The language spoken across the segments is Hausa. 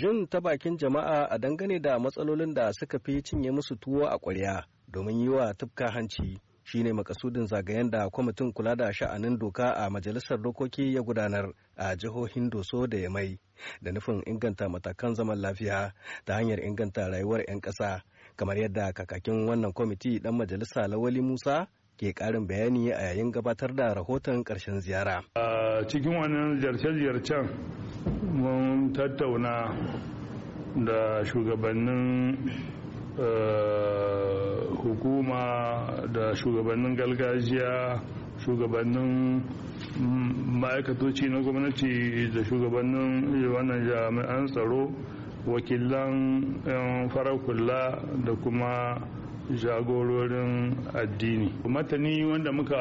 jin ta bakin jama'a a dangane da matsalolin da suka fi cinye musu tuwo a ƙwarya domin yi wa tufka hanci shine makasudin zagayen da kwamitin kula da sha'anin doka a majalisar dokoki ya gudanar a jihohin doso da mai. da nufin inganta matakan zaman lafiya ta hanyar inganta rayuwar 'yan ƙasa kamar yadda kakakin wannan kwamiti dan majalisa lawali musa ke karin bayani a yayin gabatar da rahoton karshen ziyara. A cikin wannan ziyarce-ziyarcen mun tattauna da shugabannin eh, hukuma da shugabannin gargajiya shugabannin ma'aikatoci na gwamnati da shugabannin wannan jami'an tsaro wakilan eh, farar kula da kuma jagororin addini matani wanda muka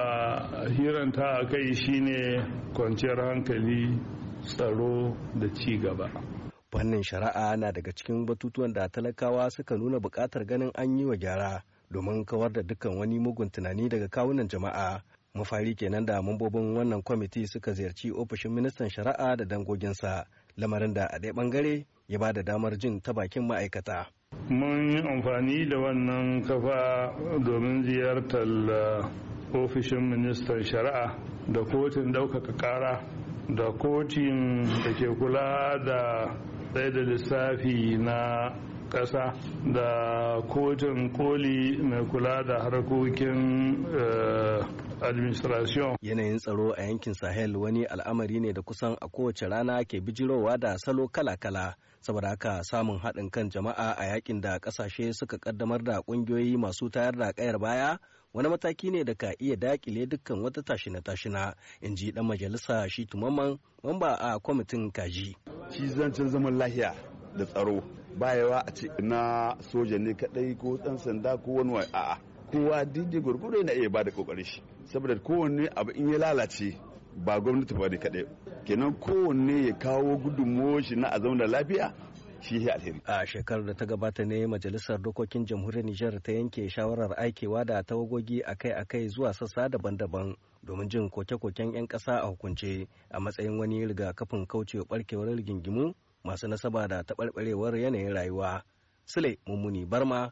hiranta a kai shine kwanciyar hankali tsaro da ci gaba fannin shari'a na daga cikin batutuwan da talakawa suka nuna bukatar ganin an yi wa gyara domin kawar da dukkan wani mugun tunani daga kawunan jama'a mafari kenan da mambobin wannan kwamiti suka ziyarci ofishin ministan shari'a da dangoginsa lamarin da a ɗaya bangare ya ba da damar jin ta bakin ma'aikata mun yi amfani da wannan kafa domin ziyartar uh, ofishin ministan shari'a da kotun ɗaukaka ƙara da kotun da ke kula da tsaye da lissafi na ƙasa da kotun koli mai kula da harkokin uh, administration. Yanayin tsaro a yankin Sahel wani al'amari ne da kusan a kowace rana ke bijirowa da salo kala-kala. Saboda haka samun haɗin kan jama'a a yakin da ƙasashe suka ƙaddamar da ƙungiyoyi masu tayar da ƙayar baya wani mataki ne da ka iya dakile dukkan wata tashina-tashina in ji ɗan majalisa shi tumamman mamba a kwamitin kaji. Shi zancen zaman lahiya da tsaro bayawa a ce na soja ne kaɗai ko ɗan sanda ko wani a'a. kowa daidai gurgure na iya bada kokarin shi saboda kowanne abu in ya lalace ba gwamnati ba ne kaɗai kenan kowanne ya kawo gudunmuwar shi na a zauna lafiya shi ya alheri. A shekarar da ta gabata ne Majalisar Dokokin Jamhuriyar Nijar ta yanke shawarar aikewa da tawagogi akai-akai zuwa sassa daban-daban domin jin koke-koken 'yan ƙasa a hukunce a matsayin wani riga rigakafin kaucewa barkewar rigingimu masu nasaba da taɓarɓarewar yanayin rayuwa. Sule Mummuni Barma,